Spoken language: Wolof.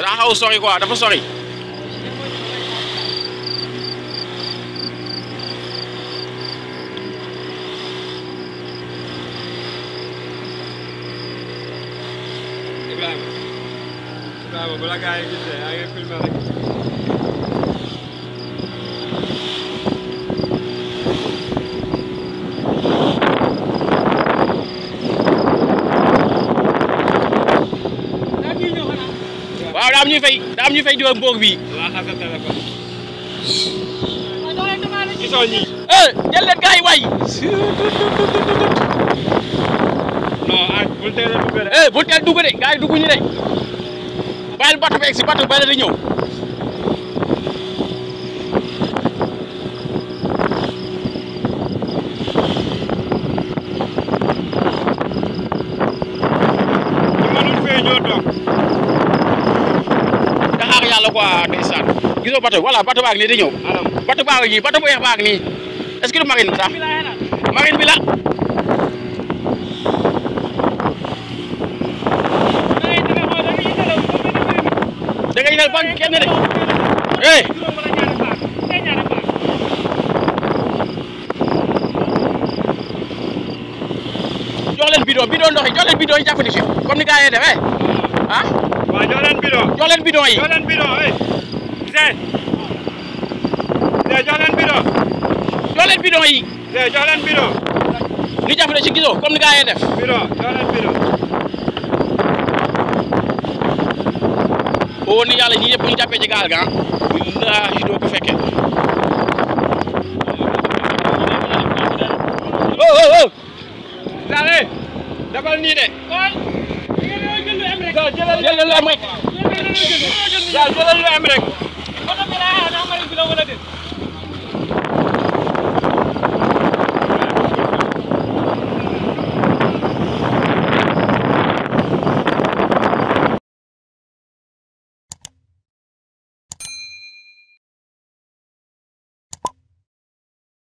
daa xaw sori quoi dafa sori. Ibrahima Ibrahima bala gaa yi gisee yaa ngi filmé rek. waaw ñuy fay daa ñuy fay diwaan boog bii. waaw xam nga téléphone. gisoo ñii. Eh, jël ah, bul teel a de. Eh, bul teel de gars yi bi egg si bato bi bàyyi la ñëw. la quoi ndeysaan gisoo bato bi voilà bato nii di ñëw bato baa nii bato bu weex nii est-ce que du marine bi sax marine bi la da ngay nal ban kenn de eh jox leen bidon bidon ndox yi comme ni gars yi waaw jox leen bidon jox leen bidon yi jox leen bidon eh. Zé Zé jox ci gisoo comme ni gars def. bidon jox leen bidon. boo ni yàlla ñi yëpp ñu jàppee ci gaal doo ko fekkee. oh oh oh. Zé dafal nii de. jëlal lu am rek